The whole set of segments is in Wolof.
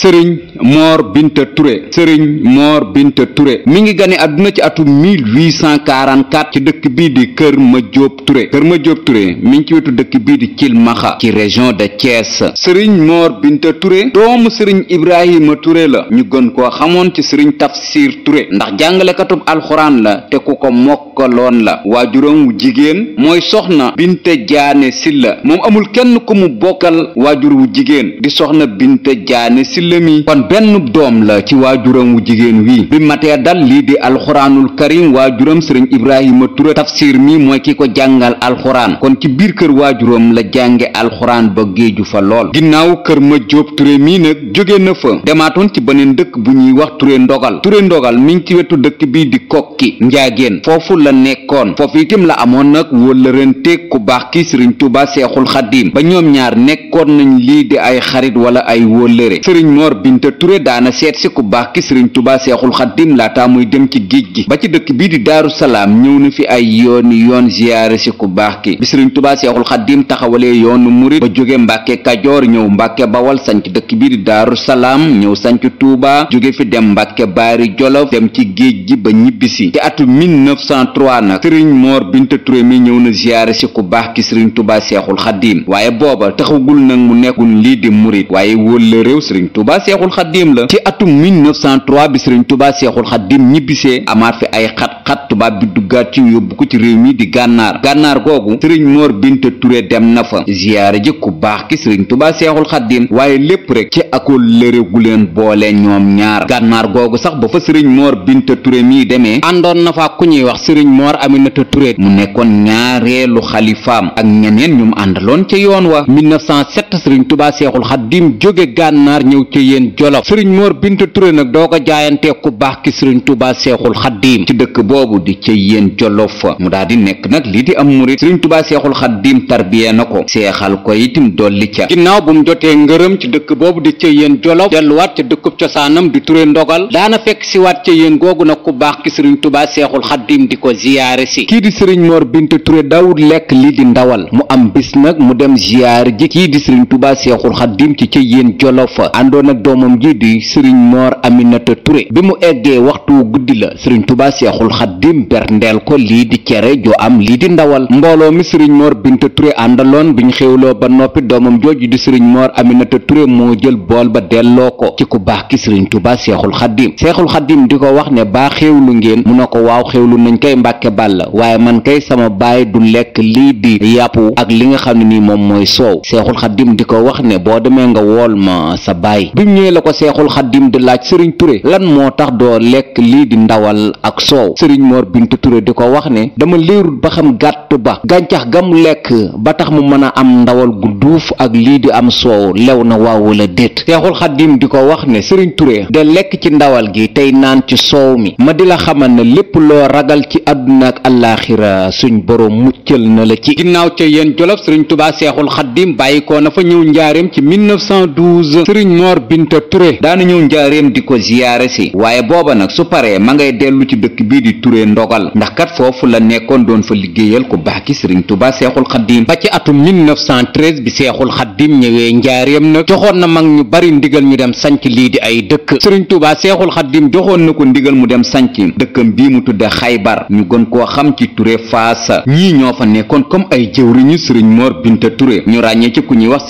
sëriñ moor binta Touré sëriñ moor binta Touré mi ngi gane àdduna ci atum 1844 ci dëkk bii di kër ma jóob Touré kër ma jóob Touré mi ngi ci wetu dëkk bii di Kilmaxa ci région de Thiès sëriñ moor binta Touré doomu sëriñ Ibrahima Touré la ñu gën koo xamoon ci sëriñ Tafsir Touré ndax jàngalekatub alxuraan la te ku ko mokkaloon la waajuram wu jigéen mooy soxna Binta Jaane Silla moom amul kenn ku mu bokkal waajur wu jigéen di soxna binte Jaane Silla lëmi kon benn doom la ci waajuram wu jigéen wi bi matee dal lii di alxuraanul karim waajuram sëriñ ibrahima ture tafsir mi mooy ki ko jàngal alxuraan kon ci biir kër waajuram la jànge alxuraan ba géeju fa lool ginnaaw kër ma jóob ture mii nag jóge na fa demaatoon ci beneen dëkk bu ñuy wax ture ndogal ture ndogal mi ci wetu dëkk bii di kokki njaageen foofu la nekkoon foofu itam la amoon nag wóllërante ku baax ki sëriñ tuuba seexul xaddiim ba ñoom ñaar nekkoon nañ lii di ay xarit wala ay wóllëre Tanor Binta Touré daana seet si ku baax ki sëriñ tubaa seexul xaddim laata muy dem ci géej gi ba ci dëkk bii di daaru salaam ñëw na fi ay yooni yoon ziyaare si ku baax ki bi sëriñ tubaa seexul taxawalee yoonu murit ba jóge mbàkke kajoor ñëw mbàkke bawal sanc dëkk bii di daaru salaam ñëw sanc tuubaa jóge fi dem mbàkke baari jolof dem ci géej gi ba ñibbisi ci atu 1903 nag sëriñ Mor Binta Touré mi ñëw na ziyaare si ku baax ki sëriñ tubaa seexul xaddim waaye booba taxagul nag mu nekkul lii di murit waaye wóol la réew sëriñ tubaa Touba Seexul Xaddiim la ci atum 1903 bi Sëriñ Touba Seexul Xaddiim ñibbisee amaat fi ay xat-xat tubaab bi duggaat ci yóbbu ko ci réew mii di gànnaar gànnaar googu Sëriñ Mor Binta Touré dem na fa ziyaare ji ku baax ki Sëriñ Touba Seexul Xaddiim waaye lépp rek ci akol lëre gu leen boole ñoom ñaar gànnaar googu sax ba fa Sëriñ moor Binta Touré mii demee àndoon na fa ku ñuy wax Sëriñ Mor Aminata Touré mu nekkoon ñaareelu xalifaam ak ñeneen ñum àndaloon ca yoon wa cant sëriñ tubaa seexul xaddim jóge gànnaar ñëw ci yéen jolof sëriñ moor binta turé nag doo ko jaayantee ku baax ki sëriñ tubaa seexul xaddim ci dëkk boobu di ca yéen jolof mu daa di nekk nag lii di am murit sëriñ tubaa seexul xaddim tarbiye na ko seexal ko itim dolli ca ginnaaw bu mu jotee ngërëm ci dëkk boobu di ca yéen jolof delluwaat ca dëkkub cosaanam di ture ndogal daana fekk si waat ca yéen googu nag ku baax ki sëriñ tubaa seexul xaddim di ko ziyaare si kii di sëriñ moor binta turé dawul lekk lii di ndawal mu am bis nag mu dem ziyaare di sëriñ Tuubaa Seexul Xadiim ci ci yéen Jolof àndoon ak doomam ji di sëriñ Moor Aminata Touré bi mu eggee waxtu guddi la sëriñ Tuubaa Seexul Xadiim berndeel ko lii di cere jo am lii di ndawal mbooloo mi sëriñ Moor Binta Touré àndaloon biñ xéwloo ba noppi doomam jooju di sëriñ Moor Aminata Touré moo jël bool ba delloo ko ci ku baax ki sëriñ Tuubaa Seexul Xadiim Seexul Xadiim di ko wax ne baa xéwlu ngeen mu a ko waaw xéwlu nañ koy mbàkke bàll waaye man kay sama baay du lekk li nga xam ne nii moom mooy xaadim di ko wax ne boo demee nga wool ma sa baay bi mu ñëwee la ko seexul xaadim di laaj sëriñ Touré lan moo tax doo lekk lii di ndawal ak soow sëriñ Mor bint Touré di ko wax ne dama léerut ba xam gàtt ba gàncax ga mu lekk ba tax mu mën a am ndawal gu duuf ak lii di am soow lew na waaw wala déet seexul xaadim di ko wax ne sëriñ Touré de lekk ci ndawal gi tey naan ci soow mi ma di la xamal ne lépp loo ragal ci àdduna ak àllaaxira suñ boroom muccal na la ci ginnaaw ca yéen jolof sëriñ Tuubaa seexul xaadim bàyyi ko dafa ñëw njaareem ci 1912 sëriñ Mor Binta Touré daana ñëw njaareem di ko ziyaare si waaye booba nag su paree ma ngay dellu ci dëkk bii di Touré ndogal ndax kat foofu la nekkoon doon fa liggéeyal ku baax ki sëriñ Tuubaa Seexul Xaddiim ba ci atum 1913 bi Seexul Xaddiim ñëwee njaareem nag joxoon na mag ñu bari ndigal ñu dem sanc lii di ay dëkk sëriñ Tuubaa Seexul Xaddiim joxoon na ko ndigal mu dem sanc dëkkam bii mu tudde Xaybar ñu gën koo xam ci Touré Faasa ñii ñoo fa nekkoon comme ay jëwriñu sëriñ Mor Binta Touré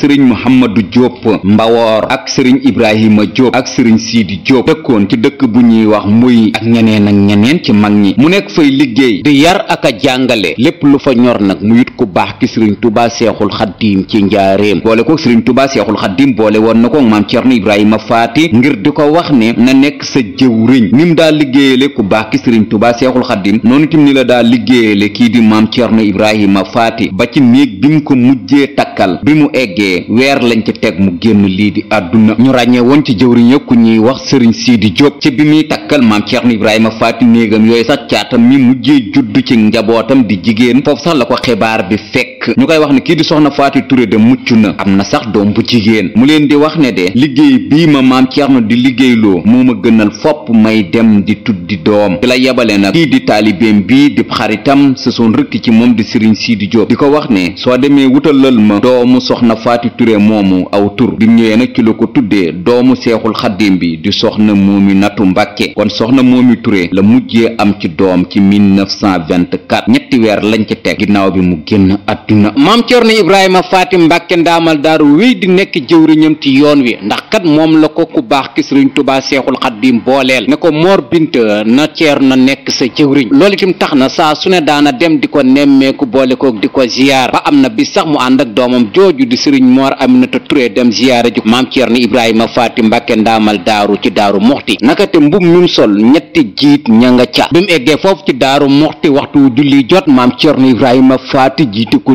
sëriñ Mouhamadou Diop Mbawoor ak sëriñ Ibrahima Diop ak sëriñ Sidi Diop dëkkoon ci dëkk bu ñuy wax muy ak ñeneen ak ñeneen ci mag ñi mu nekk fay liggéey di yar ak a jàngale lépp lu fa ñor nag mu yit ku baax ki sëriñ Touba Seexul Xaddiim ci njaareem boole ko sëriñ tubaa Seexul Xaddiim boole woon na ko maam Cerno Ibrahima Faati ngir di ko wax ni na nekk sa jëwriñ ni mu daa liggéeyale ku baax ki sëriñ Touba Seexul Xaddiim noonu itam ni la daa liggéeyale kii di maam Cerno Ibrahima Faati ba ci néeg bi mu mujjee takkal bi mu eggee yooyee weer lañ ci teg mu génn lii di àdduna ñu ràññee woon ci jëwriñ yëpp ku ñuy wax sëriñ sii di Diop ci bi muy takkal maam Ceerno Ibrahima Faati néegam yooyu sax caatam mi mujjee juddu ci njabootam di jigéen foofu sax la ko xibaar bi fekk ñu koy wax ne kii di soxna Fatou ture de mucc na am na sax doom bu jigéen mu leen di wax ne de liggéey bii ma maam Thierno di liggéeyloo moo ma gënal fopp may dem di tuddi doom ci la yebale nag kii di taalibeem bii di xaritam sa soon rëkk ci moom di Serigne di Diop di ko wax ne soo demee wutalal ma doomu soxna Fatou ture moomu aw tur di ñëwee nag ci la ko tuddee doomu seexul xaddim bi di soxna moomi natu Mbàkke kon soxna moomi Touré la mujjee am ci doom ci 1924 ñetti weer lañ ci teg ginnaaw bi mu génn at àdduna maam Cerno Ibrahima Fatim Mbàkke ndaamal daaru wéy di nekk jëwriñam ci yoon wi ndax kat moom la ko ku baax ki Sëriñ Tuubaa Seexul Xadiim booleel ne ko Mor Binta na Cerno nekk sa jëwriñ loolu itam tax na saa su ne daana dem di ko nemmeeku boole koog di ko ziyaar ba am na bi sax mu ànd ak doomam jooju di Sëriñ Mor Aminata Touré dem ziyaara ju maam Cerno Ibrahima Fatim Mbàkke ndaamal daaru ci daaru muxti naka te mbub mum sol ñetti jiit ña nga ca bi mu eggee daaru muxti waxtu julli jot maam Cerno Ibrahima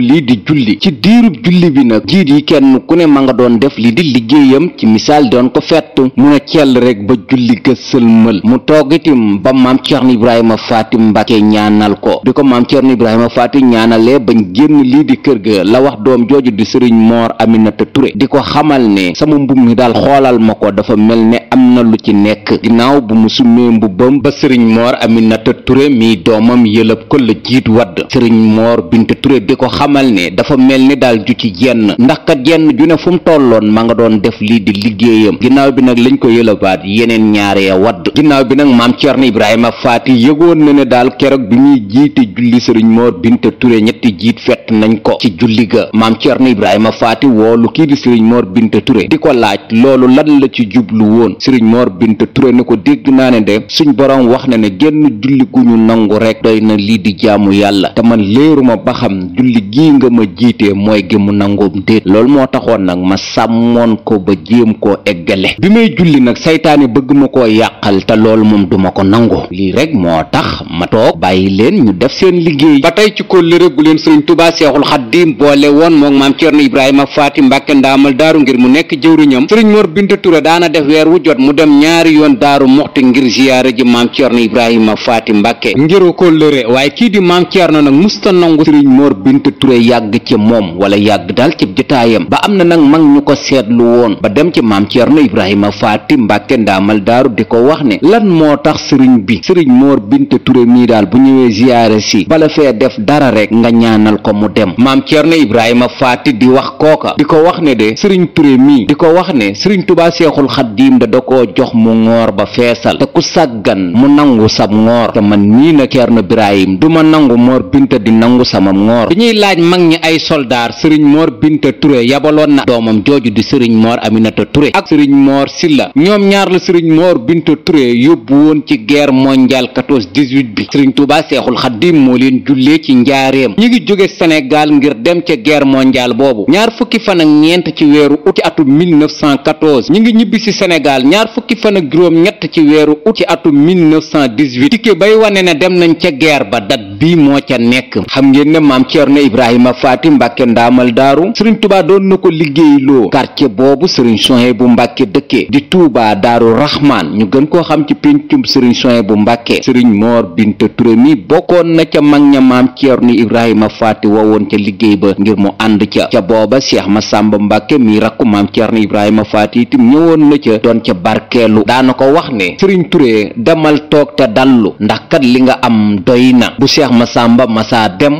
lii di julli ci diirub julli bi nag jiit yi kenn ku ne ma nga doon def li di liggéeyam ci misaal doon ko fett mu ne cell rek ba julli ga sëlmal mu toog itim ba maam Cerno Ibrahima Faati Mbàkke ñaanal ko bi ko maam Cerno Ibrahima Faati ñaanalee bañ génn lii di kër ga la wax doom jooju di sëriñ Moor Aminata Touré di ko xamal ne sama mbub mi daal xoolal ma ko dafa mel ne am na lu ci nekk ginnaaw bu mu summee mbubbam ba sëriñ Moor Aminata Touré mi doomam yëlëb ko la jiit wadd xamal ne dafa mel ni daal ju ci jenn ndax kat jenn ju ne mu tolloon ma nga doon def lii di liggéeyam ginnaaw bi nag lañ ko yëlabaat yeneen ñaare ya wadd ginnaaw bi nag maam Cerno Ibrahima Faati yëgoon na ne daal keroog bi ñuy jiite julli sëriñ Moor Binta Ture ñetti jiit fett nañ ko ci julli ga maam Cerno Ibrahima Faati woolu kii di sëriñ Moor Binta Ture di ko laaj loolu lan la ci jublu woon sëriñ Moor Binta Ture ne ko dégg naa ne de suñ borom wax na ne génn julli gu ñu nangu rek doy na lii di jaamu yàlla te man léeruma ba xam julli gi gii nga ma jiitee mooy gi mu nangoom déet loolu moo taxoon nag ma sàmmoon ko ba jéem koo eggale bi may julli nag saytaane bëgg ma koo yàqal te lool moom duma ko nangu lii rek moo tax ma toog bàyyi leen ñu def seen liggéey ba tey ci kóllëre gu leen sëriñ Tuubaa Seexul Xaddiim boole woon moom maam Ceerno Ibrahima Faati Mbàkke ndaamal daaru ngir mu nekk jëwriñam sëriñ Mor Binta Ture daana def weer wu jot mu dem ñaari yoon daaru muxti ngir ziyaara ji maam Ceerno Ibrahima Faati Mbàkke ngiru turee yàgg moom wala yàgg daal ci jotaayam ba am na nag mag ñu ko seetlu woon ba dem ci maam Ceerno Ibrahima Faati Mbàkke ndaamal daaru di ko wax ne lan moo tax sëriñ bi sëriñ Moor Binte Ture mii daal bu ñëwee ziyaare si bala fee def dara rek nga ñaanal ko mu dem maam Ceerno Ibrahima Faati di wax kooka di ko wax ne de sëriñ Ture mii di ko wax ne sëriñ Tubaa Seexul Xaddiim da da koo jox mu ngoor ba feesal te ku sàggan mu nangu sab ngoor te man nii na Ceerno Ibrahima nangu Moor Binte di nangu sama ngoor bi ñuy laaj mag ñi ay soldaar sëriñ moor binta Touré yabaloon na doomam jooju di sëriñ moor aminata Touré ak sëriñ moor silla ñoom ñaar la sëriñ moor binta Touré yóbbu woon ci guerre mondiale 14 18 bi sëriñ Touba seexul xaddim moo leen jullee ci njaareem ñi ngi jóge senegal ngir dem ca ger mondiale boobu ñaar fukki fan ak ñeent ci weeru ut ci atum 1914 ñi ngi ñibbi ci Sénégal ñaar fukki fan ak juróom ñett ci weeru ut ci atum 1918 tikke bay wane ne dem nañ ca guerre ba dat bii moo ca nekk xam ngeen ne maam Cerno Ibrahima Ibrahima Faati Mbàkke ndaamal daaru sëriñ Tuubaa doon na ko liggéeyloo quartier boobu sëriñ bu Mbàkke dëkke di Tuubaa Daaru Raxmaan ñu gën koo xam ci péncum sëriñ bu Mbàkke sëriñ Moor Binta Turé mi bokkoon na ca mag ña maam Ceerno Ibrahima Faati wowoon ca liggéey ba ngir mu ànd ca ca booba Seex Masàmba Mbàkke mi rakku maam Ceerno Ibrahima Faati itam ñëwoon na ca doon ca barkeelu na ko wax ne sëriñ Turé demal toog te dallu ndax kat li nga am doy na bu Seex Masàmba masaa dem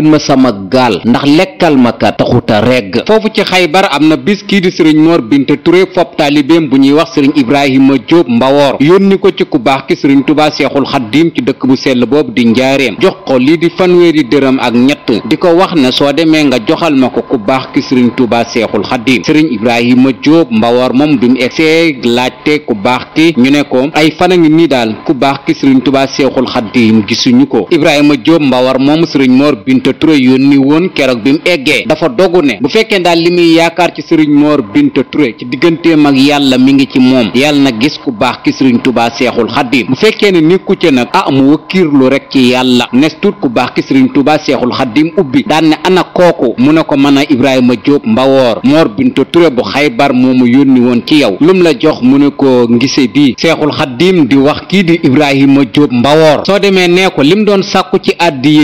leen ma sama gaal ndax lekkal ma kat taxuta regg foofu ci xaybar am na bis kii di sëriñ moor binte turé fopp taalibeem bu ñuy wax sëriñ ibrahima jóob mbawoor yónni ko ci ku baax ki sëriñ tubaa seexul xaddiim ci dëkk bu sell boobu di njaareem jox ko lii di fanweeri dërëm ak ñett di ko wax ne soo demee nga joxal ma ko ku baax ki sëriñ tubaa seexul xaddiim sëriñ ibrahima jóob mbawoor moom bi mu egsee laajte ku baax ki ñu ne ko ay fan a ngi nii daal ku baax ki sëriñ tubaa seexul xaddiim gisuñu ko ibrahima jóob mbawoor moom sëriñ moor binte Aminata yónni woon keroog bi mu eggee dafa dogu ne bu fekkee daal li muy yaakaar ci sëriñ Mor Binta Touré ci diggante ak yàlla mu ngi ci moom yàlla na gis ku baax ki sëriñ Tubaa Seexul Xaddiim bu fekkee ne nekku ci nag ah mu wëkkiirlu rek ci yàlla nes tuut ku baax ki sëriñ Tubaa Seexul Xaddiim ubbi daan ne ana kooku mu ne ko mën a Ibrahima Diop Mbawoor Mor bint Touré bu xay Xaybar moomu yónni woon ci yow lum la jox mu ne ko ngise bi Seexul Xaddiim di wax kii di Ibrahima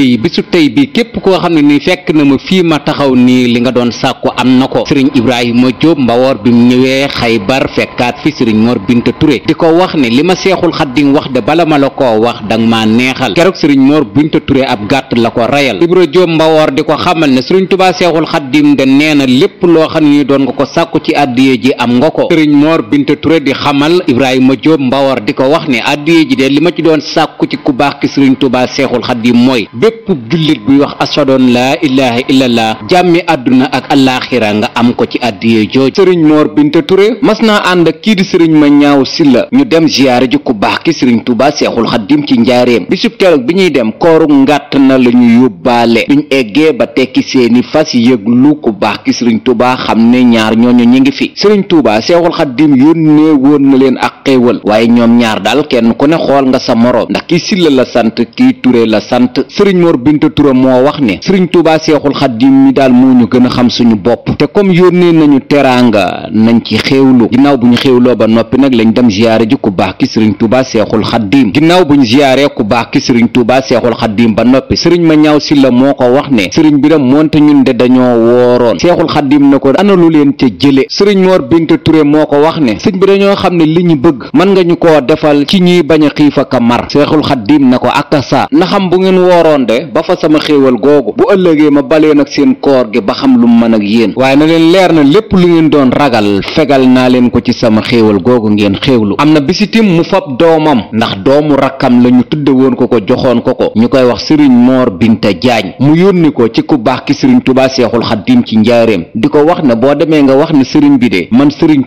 yi bisu tey bi képp képp koo xam ne nii fekk na ma fii ma taxaw nii li nga doon sàkku am na ko sëriñ Ibrahima Diop Mbawoor bi mu ñëwee Xaybar fekkaat fi sëriñ Mor Binta Touré di ko wax ne li ma seexul xaddim wax de bala ma la koo wax danga ma neexal keroog sëriñ Mor Binta Touré ab gàtt la ko rayal Ibra Diop Mbawoor di ko xamal ne sëriñ Tuubaa seexul xaddim de nee na lépp loo xam ne nii doon nga ko sàkku ci addiye ji am nga ko sëriñ moor Binta ture di xamal Ibrahima Diop Mbawoor di ko wax ne addiye ji de li ma ci doon sàkku ci ku baax ki sëriñ Tuubaa seexul xaddim mooy bépp jullit ashadu an laa ilaha illallah jàmmi àdduna ak allaaxira nga am ko ci àddiye jooj sëriñ moor binta ture mas naa ànd ak kii di sëriñ ma ñaaw silla ñu dem ziyaare ji ku baax ki sëriñ tuuba seexul xaddim ci njaareem bisub keroog bi ñuy dem kooru ngàtt na la ñu lu ñu eggee ba tekki seeni fas yëg lu ku baax ki sëriñ tuuba xam ne ñaar ñooñu ñi ngi fi sëriñ tuuba seexul xaddim yónnee woon na leen ak xéewal waaye ñoom ñaar daal kenn ku ne xool nga sa moroom ndax kii silla la sant kii ture la sant sëriñ Mor Binta Touré moo wax ne sëriñ Tuubaa Seexul Xadiim mi daal moo ñu gën a xam suñu bopp te comme yónnee nañu teraanga ñu xéewloo ba noppi nag lañ dem ziyaare ji ku baax ki sëriñ Tuubaa Seexul Xadiim ginnaaw bu ñu ziyaare ku baax ki sëriñ Tuubaa Seexul Xadiim ba noppi sëriñ ma ñaaw silla moo ko wax ne sëriñ biram moonte ñun de dañoo wooroon Seexul Xadiim na ko ana lu leen ca jële ko wax ne sëriñ bi dañoo xam ne li ñu bëgg bëgg mën nga ñu koo defal ci ñuy bañ a xiif ak a mar seexul xaddiim na ko ak akasa na xam bu ngeen wooroon de ba fa sama xéewal googu bu ëllëgee ma baleen ak seen koor gi ba xam lu mën ak yéen waaye na leen leer na lépp lu ngeen doon ragal fegal naa leen ko ci sama xéewal googu ngeen xéewlu am na bisitim mu fab doomam ndax doomu rakkam la ñu tudde woon ko ko joxoon ko ko ñu koy wax sëriñ moor binta jaañ mu yónni ko ci ku baax ki sëriñ tubaa seexul xaddiim ci njaareem di ko wax ne boo demee nga wax ne sëriñ bi de man sëriñ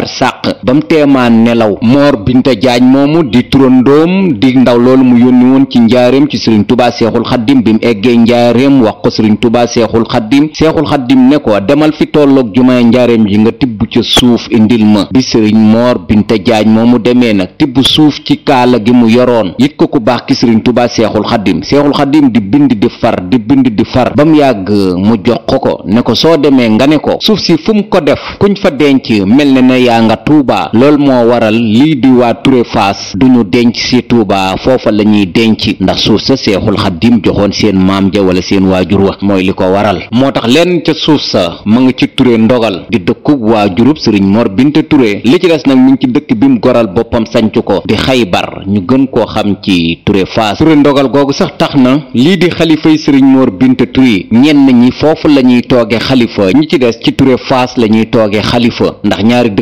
barsàq ba mu teemaan nelaw moor binta jaañ moomu di turandoom di ndaw loolu mu yónni woon ci njaareem ci sëriñ tubaa seexul xaddim bi mu eggee njaareem wax ko sëriñ tubaa seexul xaddim seexul xaddim ne ko demal fi tollook jumaay njaareem ji nga tibb ca suuf indil ma bi sëriñ moor binta jaañ moomu demee nag tibb suuf ci kaala gi mu yoroon yit ko ku baax ki sëriñ tubaa seexul xaddim seexul xaddim di bind di far di bind di far ba mu yàgg mu jox ko ko ne ko soo demee nga ne yaa nga tuuba loolu moo waral lii di waa Touré Fass duñu denc ci tuuba foofa la ñuy denc ndax suuf sa seexul xaddim joxoon seen maam ja wala seen waajur wa mooy li ko waral moo tax lenn ca suuf sa ma ngi ci Touré ndogal di dëkkub waa jurub sëriñ Mor Binta Touré li ci des nag mu ngi ci dëkk bi mu goral boppam sanc ko di xaybar ñu gën koo xam ci Touré Fass Touré ndogal googu sax tax na lii di xalifay sëriñ Mor Binta Touré ñenn ñi foofu la ñuy tooge xalifa ñi ci des ci Touré Fass la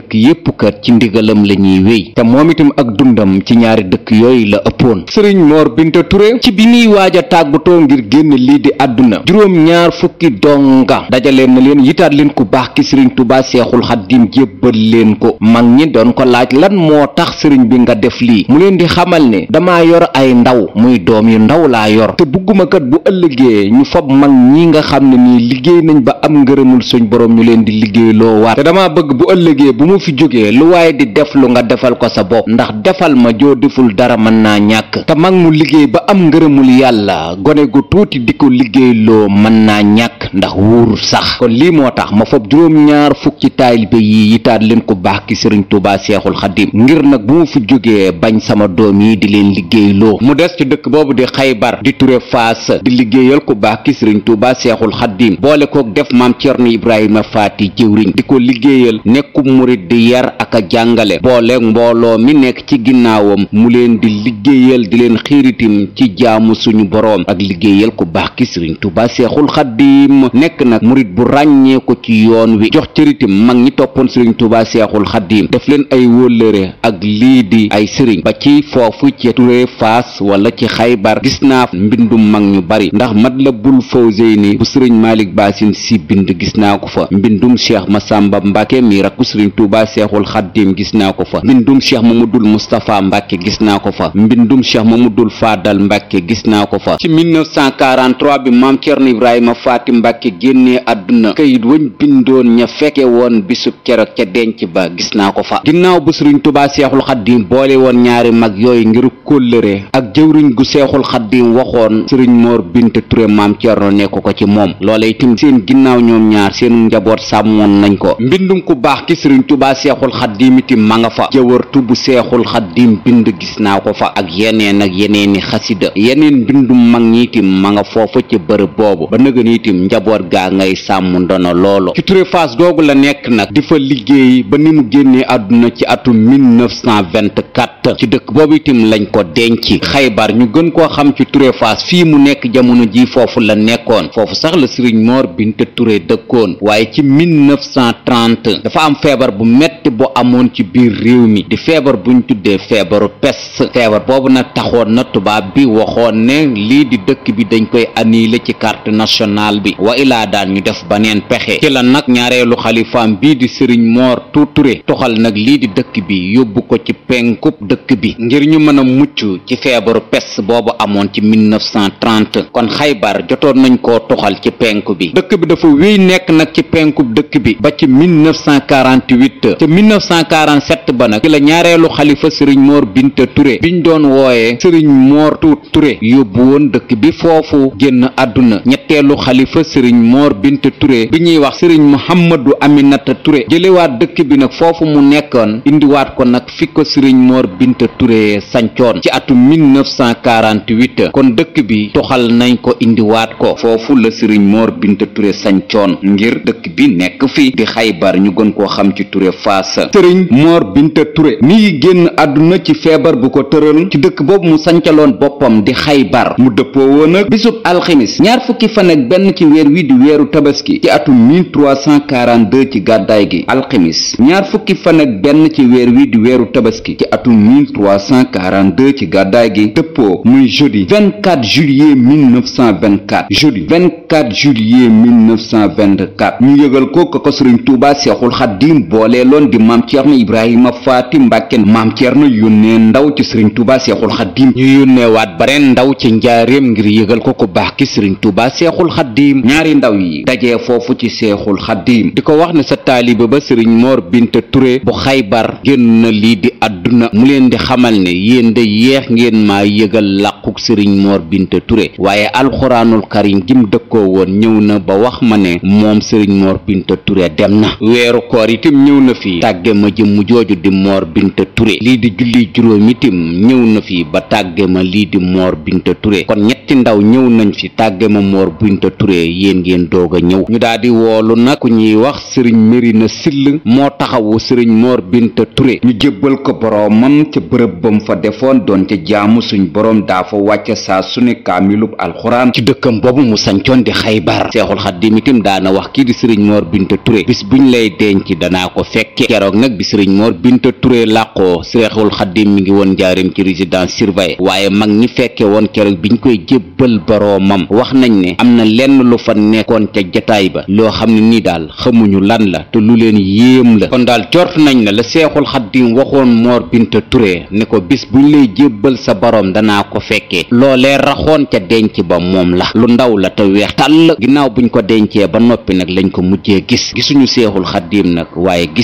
dëkk yépp kat ci ndigalam la ñuy wéy te moom itam ak dundam ci ñaari dëkk yooyu la ëppoon sëriñ Mor Binta Touré ci bi muy waaj a tàggatoo ngir génn lii di àdduna juróom-ñaar fukki donga dajaleen na leen yitaat leen ku baax ki sëriñ Tuubaa Seexul Xaddim jébbal leen ko mag ñi doon ko laaj lan moo tax sëriñ bi nga def lii mu leen di xamal ne dama yor ay ndaw muy doom yu ndaw laa yor te bugguma kat bu ëllëgee ñu fob mag ñi nga xam ne nii liggéey nañ ba am ngërëmul suñ boroom ñu leen di liggéey boo fi jógee lu waaye di def lu nga defal ko sa bopp ndax defal ma joo deful dara mën naa ñàkk te mag mu liggéey ba am ngërëmul yàlla gone gu tuuti di ko liggéey loo mën naa ñàkk ndax wóorul sax kon lii moo tax ma fob juróom-ñaar fukki taalibe yi yitaat leen ko baax ki sëriñ Tuubaa Seexul Xadiim ngir nag bu ma fi jógee bañ sama doom yi di leen liggéey loo mu des ci dëkk boobu di Xaybar di Ture Faas di liggéeyal ko baax ki sëriñ Tuubaa Seexul Xadiim boole kook def maam Cerno Ibrahima Faati jëwriñ di ko liggéeyal di yar ak a jàngale booleeg mbooloo mi nekk ci ginnaawam mu leen di liggéeyal di leen xiiritim ci jaamu suñu boroom ak liggéeyal ku baax ki sëriñ Tuubaa Seexul Xaddiim nekk nag murit bu ràññee ko ci yoon wi jox cëritim mag ñi toppoon sëriñ Tuubaa Seexul Xaddiim def leen ay wóllëre ak lii di ay sëriñ ba ci foofu ci Turé Faas wala ci Xaybar gis naa mbindum mag ñu bari ndax Matlabul Fawzayni bu sëriñ Malik Basin si bind gis naa ko fa mbindum Cheikh Masamba Mbàkke mi rakku sëriñ Tuubaa Tuubaa gis naa ko fa mbindum cheikh Mamadul Moustapha gis naa ko fa mbindum cheikh Mamadul Faadal Mbàkke gis naa ko fa ci 1943 bi maam Cerno Ibrahima Faati Mbàkke génnee àdduna kayit wañ bindoon ña fekke woon bisub keroog ca denc ba gis naa ko fa ginnaaw bu Sëriñ Tuubaa Seexul Xaddiim boole woon ñaari mag yooyu ngir kóllëre ak jëwriñ gu Seexul Xaddiim waxoon Sëriñ Moor Binte Ture maam Cerno nekk ko ci moom loola itam seen ginnaaw ñoom ñaar seenu njaboot sàmmoon nañ ko mbindum ku baax ki Sëriñ Tuubaa Touba seexul xaddiim itam ma nga fa jëwartu bu seexul xaddiim bind gis naa ko fa ak yeneen ak yeneeni xasida yeneen bindum mag ñi itam ma nga foofa ca bërëb boobu ba nëga ni itam njaboot gaa ngay sàmm ndono loolo ci Touré Fass googu la nekk nag di fa liggéey ba ni mu génnee àdduna ci atum 1924 ci dëkk boobu itam lañ ko denc xaybar ñu gën koo xam ci Touré Fass fii mu nekk jamono ji foofu la nekkoon foofu sax la Sëriñ Mor Binta Touré dëkkoon waaye ci dafa am feebar bu metti bu amoon ci biir réew mi di feebar buñ tuddee feebaru pes feebar boobu nag taxoon na tubaab bi waxoon ne lii di dëkk bi dañ koy annulé ci carte nationale bi wa ilaa daan ñu def ba neen pexe ci la nag ñaareelu xalifaam bii di sëriñ moor tuuture toxal nag lii di dëkk bi yóbbu ko ci penkub dëkk bi ngir ñu mën a mucc ci feebaru pes boobu amoon ci 1930 kon xaybar jotoon nañ ko toxal ci penku bi dëkk bi dafa wéy nekk nag ci penkub dëkk bi ba ci Binta ca 1947 ba nag ci la ñaareelu xalifa sëriñ Mor Binta bi ñu doon wooye sëriñ Mor Tuut Touré yóbbu woon dëkk bi foofu génn àdduna ñetteelu xalifa sëriñ Mor Binta ture bi ñuy wax sëriñ Muhammadu Aminata Touré jëlewaat dëkk bi nag foofu mu nekkoon indiwaat ko nag fi ko sëriñ Mor Binta Touré sancoon ci atum 1948 kon dëkk bi toxal nañ ko indiwaat ko foofu la sëriñ Mor Binta Touré sancoon ngir dëkk bi nekk fi di Xaybar ñu gën koo xam ci Touré Fass sëriñ Mor Binta Touré mi ngi génn àdduna ci feebar bu ko tëral ci dëkk boobu mu sancaloon boppam di Xaybar mu dëppoo woon ak bisub alxemis ñaar fukki fan benn ci weer wi di weeru tabaski ci atum 1342 ci gàddaay gi alxemis ñaar fukki fan benn ci weer wi di weeru tabaski ci atum 1342 ci gàddaay gi dëppoo muy jeudi 24 juillet 1924 jeudi 24 juillet 1924 ñu yëgal ko ko ko sëriñ Tuubaa Seexul Xadiim boole ñaareeloon di maam Thierno Ibrahima Faati Mbàkke maam Thierno yónnee ndaw ci sëriñ Touba Seexul Xaddiim ñu waat bare ndaw ci njaareem ngir yëgal ko ko baax ki sëriñ Touba Seexul Xaddiim ñaari ndaw yi dajee foofu ci Seexul Xaddiim di ko wax na sa taalibe ba sëriñ moor Binta ture bu Xaybar génn na lii di àdduna mu leen di xamal ne yéen de yeex ngeen maa yëgal làquk sëriñ moor Binta Touré waaye alxuraanul karim gim dëkkoo woon ñëw na ba wax ma ne moom sëriñ Mor na fi tàgge ma jëmm jooju di Mor Binta Touré lii di julli juróomi tim ñëw na fi ba tàgge ma lii di Mor Binta ture kon ñetti ndaw ñëw nañ fi tàgge ma Mor Binta ture yéen ngeen doog a ñëw ñu daal di woolu na ku ñuy wax sëriñ Mérina Sill moo taxawu sëriñ Mor Binta Touré ñu jébbal ko boroomam ca bërëb bam fa defoon doon ca jaamu suñ boroom daa fa wàcce saa su ne kaamilub alxuraan ci dëkkam boobu mu sancoon di Xaybar Seexul Xadiim daana wax kii di sëriñ fekke keroog nag bi sëriñ Mor Binta Touré làqoo Seexul Xaddim mi ngi woon njaarim ci résidence surveillée waaye mag ñi fekke woon keroog ñu koy jébbal boroomam wax nañ ne am na lenn lu fa nekkoon ca jataay ba loo xam ne nii daal xamuñu lan la te lu leen yéem la kon daal jort nañ ne la Seexul Xaddim waxoon Mor Binta Touré ne ko bis buñ lay jébbal sa boroom danaa ko fekkee loolee raxoon ca denc ba moom la lu ndaw la te weex tàll ginnaaw buñ ko dencee ba noppi nag lañ ko mujjee gis gisuñu Seexul Xaddim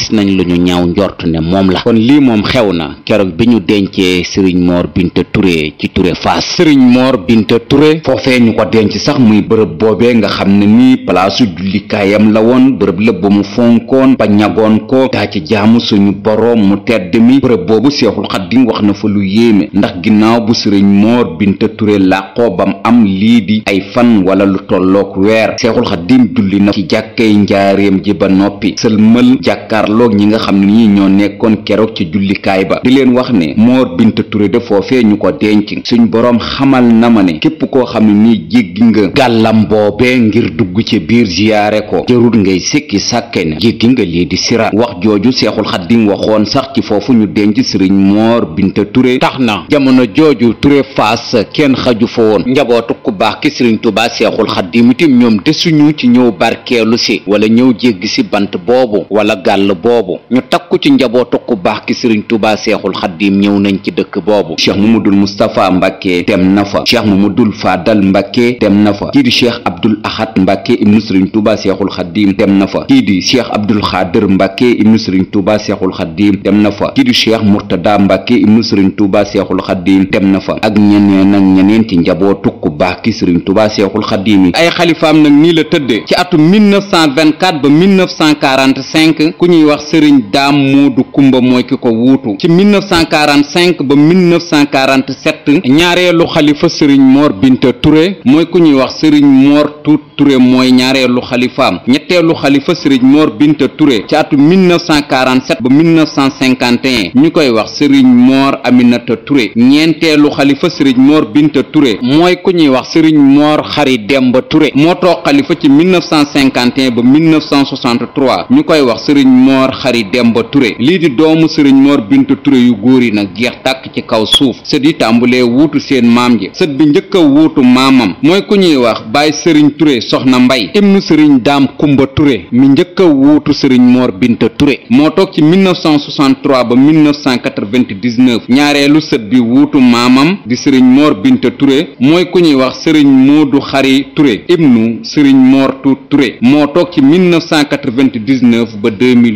gis nañ lu ñu ñaaw njort ne moom la kon lii moom xew na keroog bi ñu dencee sëriñ Mor Binta Touré ci Touré Fass sëriñ Mor Binta Touré foofee ñu ko denc sax muy bërëb boobee nga xam ne nii palaasu jullikaayam la woon bërëb la ba mu fonkoon ba ñagoon ko daa ci jaamu suñu boroom mu tedd mi bërëb boobu Seexul Xaddim wax na fa lu yéeme ndax ginnaaw bu sëriñ Mor Binta ture làqoo bam am lii di ay fan wala lu tollook weer Seexul Xaddim julli na ci jàkkay njaareem ji ba noppi sëlmal jàkkaar jàkkaarloog ñi nga xam ne ñi ñoo nekkoon keroog ca jullikaay ba di leen wax ne moor binta ture de foofee ñu ko denc suñu boroom xamal na ma ne képp koo xam ne nii jéggi nga gàllam boobee ngir dugg ci biir ziyaare ko jërul ngay sikki sàkke ne jéggi nga lii di siraat wax jooju seexul xaddim waxoon sax ci foofu ñu denc sëriñ moor binta ture tax na jamono jooju ture faas kenn xaju fa woon njabootu ku baax ki sëriñ tubaa seexul xaddim itam ñoom desuñu ci ñëw barkeelu si wala ñëw jéggi si bant boobu wala gàll boobu ñu takku ci njabootu ku baax ki sëriñ tubaa seexul xaddiim ñëw nañ ci dëkk boobu cheikh mamadul moustapha mbàkke dem na fa cheikh mamadul faadal mbàkke dem na fa kii di cheikh abdul ahad mbàkke ibnu sëriñ tubaa seexul xaddiim dem na fa kii di cheikh abdul xaadir mbàkke ibnu sëriñ tubaa seexul dem na fa kii di cheikh murtada mbàkke ibnu sëriñ tubaa seexul xaddiim dem na fa ak ñeneen ak ñeneen ci njabootu ku baax ki sëriñ tubaa seexul xaddiim yi ay xalifaam nag nii la tëddee ci atum 1924 ba 1945 ku ñuy wax wax sëriñ daam moodu kumba mooy ki ko wuutu ci 1945 ba 1947 ñaareelu xalifa sëriñ moor binta ture mooy ku ñuy wax sëriñ moor tuut ture mooy ñaareelu xalifaam ñetteelu xalifa sëriñ moor binta ture ci atu 1947 ba 1951 ñu koy wax sëriñ moor aminata ture ñeenteelu xalifa sëriñ moor binta ture mooy ku ñuy wax sëriñ moor xari demba ture moo toog xalifa ci 1951 ba 1963 ñu koy wax sëriñ moor Mor Xari Demba Touré lii di doomu sëriñ Mor Binta Touré yu góor yi nag jeex tàkk ci kaw suuf sët yi tàmbulee wuutu seen maam ji sët bi njëkk a wuutu maamam mooy ku ñuy wax baay sëriñ Touré soxna mbay ibnu sëriñ daam kumba Touré mi njëkk a wuutu sëriñ Mor Binta Touré moo toog ci 1963 ba 1999 ñaareelu sët bi wuutu maamam di sëriñ moor Binta Touré mooy ku ñuy wax sëriñ Moodu Xari Touré ibnu sëriñ Mor Touré moo toog ci 1999 ba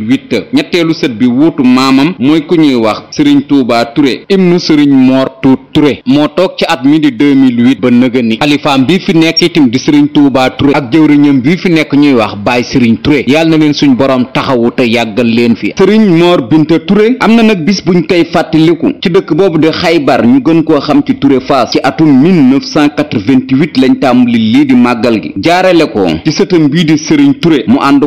huit ñetteelu sët bi wuutu maamam mooy ku ñuy wax sëriñ Touba Touré ibnu sëriñ Mor Touré moo toog ci at mi di 2008 ba nëgëni xalifaam bii fi nekk itam di sëriñ Touba Touré ak jëwriñam bii fi nekk ñuy wax Baye sëriñ Touré yàlla na leen suñ borom taxawu te yàggal leen fi sëriñ Mor Binta Touré am na nag bis buñ koy fàttaliku ci dëkk boobu di Xaybar ñu gën koo xam ci Touré Fass ci atum 1988 lañ tàmbali lii di màggal gi jaarale ko ci sëtam bii di sëriñ Touré mu ànd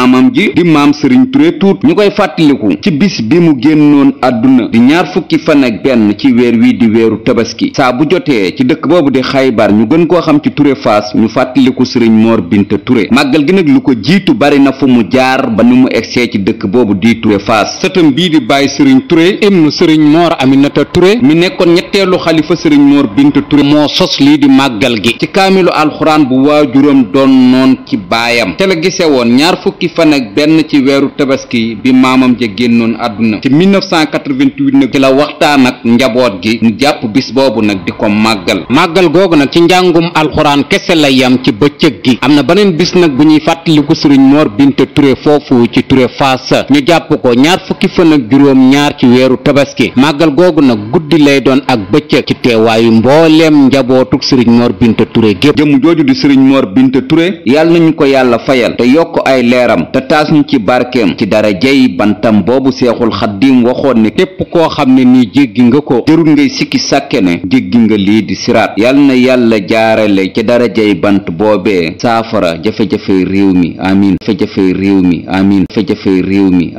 maamam ji di maam sëriñ Touré tuut ñu koy fàttaliku ci bis bi mu génnoon àdduna di ñaar fukki fan ak benn ci weer wi di weeru tabaski saa bu jotee ci dëkk boobu di xaybar ñu gën koo xam ci Touré Fass ñu fàttaliku sëriñ Mor Binta Touré màggal gi nag lu ko jiitu bari na fu mu jaar ba nu mu egsee ci dëkk boobu di Touré Fass sëtam bii di bàyyi sëriñ Touré ibnu sëriñ Mor Aminata ture mi nekkoon ñetteelu xalifa sëriñ moor Binta Touré moo sos lii di màggal gi ci kaamilu alxuraan bu waajuram doon noon ci baayam te la gise ñaar fukki fukki fan benn ci weeru tabaski bi maamam ja génnoon àdduna ci 1988 nag ci la waxtaan ak njaboot gi ñu jàpp bis boobu nag di ko màggal màggal googu nag ci njàngum alxuraan kese la yam ci bëccëg gi am na beneen bis nag bu ñuy fàttaliku sëriñ moor Binta Touré foofu ci Touré Fass ñu jàpp ko ñaar fukki fan ak juróom ñaar ci weeru tabaski màggal googu nag guddi lay doon ak bëccëg ci teewaayu mbooleem njabootug sëriñ moor Binta ture gépp jëmu jooju di sëriñ moor Binta Touré yàlla nañu ko yàlla fayal yokk ay leeram xam te taas ñu ci barkeem ci dara jey bantam boobu seexul xaddiim waxoon ne képp koo xam ne nii jéggi nga ko jërul ngay sikki sàkke ne jéggi nga lii di siraat yal na yàlla jaarale ci dara jey bant boobee saafara jafe-jafe réew mi amin jafe-jafe réew mi amin jafe-jafe réew mi